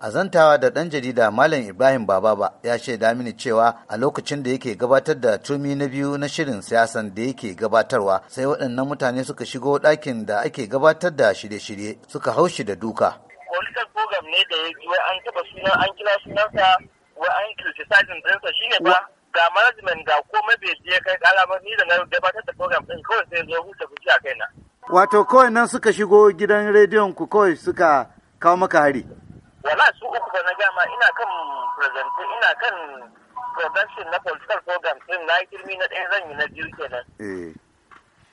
A zantawa da ɗan jarida Malam Ibrahim Bababa ya shaida mini cewa a lokacin da yake gabatar da tumi na biyu na shirin siyasan da yake gabatarwa sai waɗannan mutane suka shigo ɗakin da ake gabatar da shirye-shirye suka haushi da duka. Political program ne da ya wai an taɓa suna an kira sunansa wai an criticizing ɗinsa shi ne ba ga management ga komai bai je kai kalamar ni da na gabatar da program ɗin kawai sai zo huta kuci a kaina. Wato kawai nan suka shigo gidan rediyon ku kawai suka kawo maka hari. wala su uku ba na gama ina kan presente ina kan production na political program din na girmi na ɗaya zan yi na biyu kenan eh.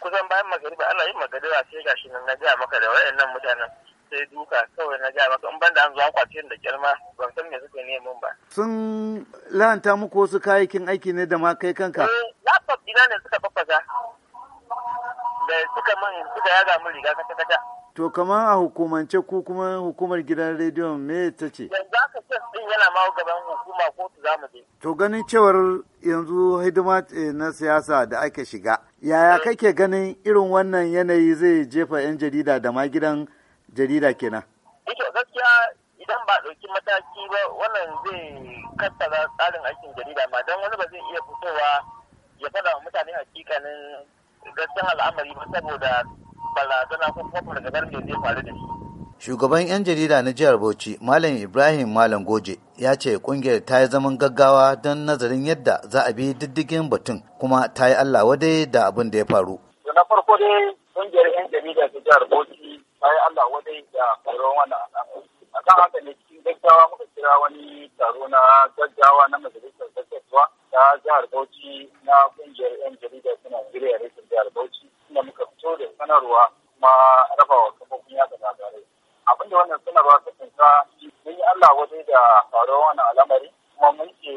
kusan bayan magariba ana yin magariba sai gashi na gaya maka da wayannan mutanen sai duka kawai na gaya maka in banda an zo an kwace da girma ban san me suke neman ba sun lanta muku wasu kayakin aiki ne da ma kai kanka eh laptop dina ne suka fafaza da suka man suka yaga mun riga kata kata To kamar a hukumance ko kuma hukumar gidan rediyon me ta ce? Yanzu aka ce din yana ma hukuma ko zamu je. To ganin cewar yanzu hidima eh, na siyasa da ake shiga. Yaya eh. kake ganin irin wannan yanayi zai jefa 'yan jarida da ma gidan jarida kenan? Ito eh gaskiya idan ba ɗauki mataki ba wannan zai kattara tsarin aikin jarida ma don wani ba zai iya fitowa ya faɗa mutane hakikanin gaskiyar al'amari ba saboda barazana kuma Shugaban 'yan jarida na jihar Bauchi, Malam Ibrahim Malam Goje, ya ce kungiyar ta yi zaman gaggawa don nazarin yadda za a bi diddigin batun kuma ta yi Allah wadai da abin da ya faru. Na farko dai kungiyar 'yan jarida ta jihar Bauchi ta yi Allah wadai da faruwar wannan al'amari. A kan haka ne cikin gaggawa muka kira wani taro na gaggawa na majalisar gaggawa ta jihar Bauchi na kungiyar 'yan jarida ta Najeriya sanarwa kuma raba wa kafofin yada labarai abin da wannan sanarwa ta kunsa mun yi Allah waje da faruwar wannan al'amari kuma mun kungiyar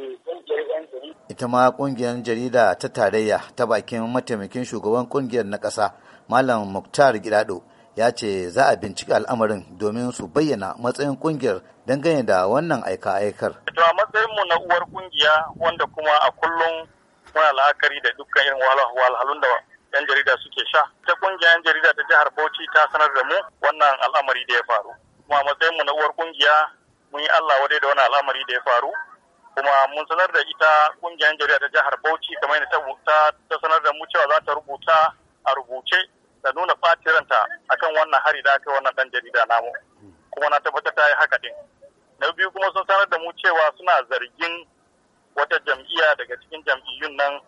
yan jarida ita ma kungiyar jarida ta tarayya ta bakin mataimakin shugaban kungiyar na ƙasa malam muktar gidado ya ce za a bincika al'amarin domin su bayyana matsayin kungiyar dangane da wannan aika-aikar. To a matsayinmu na uwar kungiya wanda kuma a kullum muna la'akari da dukkan irin wahalhalun da 'yan jarida suke sha ta kungiyar 'yan jarida ta jihar bauchi ta sanar da mu wannan al'amari da ya faru kuma matsayin mu na uwar kungiya mun yi allah wadai da wannan al'amari da ya faru kuma mun sanar da ita kungiyar jarida ta jihar bauchi kamar yadda ta ta sanar da mu cewa za ta rubuta a rubuce da nuna fatiranta akan wannan hari da aka wannan dan jarida namu kuma na tabbatar ta yi haka din na biyu kuma sun sanar da mu cewa suna zargin wata jam'iyya daga cikin jam'iyyun nan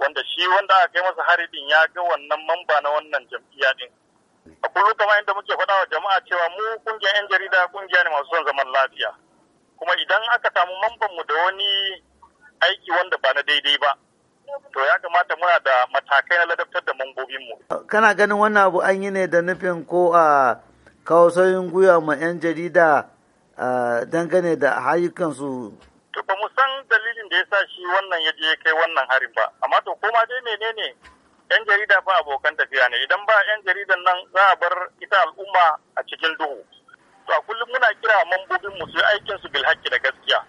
wanda shi wanda aka kai masa hari din ya ga wannan mamba na wannan jam'iyya din a kullum kamar yadda muke faɗa wa jama'a cewa mu kungiyar 'yan jarida kungiya ne masu son zaman lafiya kuma idan aka samu mamban mu da wani aiki wanda ba na daidai ba to ya kamata muna da matakai na ladabtar da mambobin mu kana ganin wannan abu an yi ne da nufin ko a kawo sauyin gwiwa ma 'yan jarida dangane da ayyukansu da ya sa shi wannan ya je ya kai wannan harin ba amma to koma dai menene yan jarida ba abokan tafiya ne idan ba yan jaridan nan za a bar ita al'umma a cikin duhu to a kullum muna kira mambobin mu su aikin su bil haƙƙi da gaskiya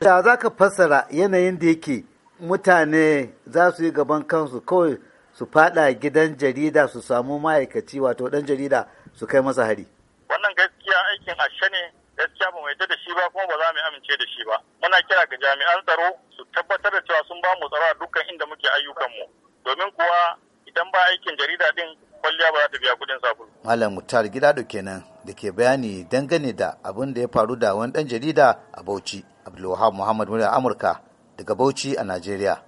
da za ka fassara yanayin da yake mutane za su yi gaban kansu kawai su faɗa gidan jarida su samu ma'aikaci wato dan jarida su kai masa hari wannan gaskiya aikin ashe ne gaskiya ba mu yarda da shi ba kuma ba za mu amince da shi ba muna kira ga jami'an tsaro su tabbatar da cewa sun ba mu tsaro a dukkan inda muke ayyukanmu domin kuwa idan ba aikin jarida din kwalliya ba za ta biya kudin sabulu. Malam gida da kenan da ke bayani dangane da abin da ya faru da wani dan jarida a Bauchi. Abdulwahab Muhammad Murya Amurka daga Bauchi a Najeriya.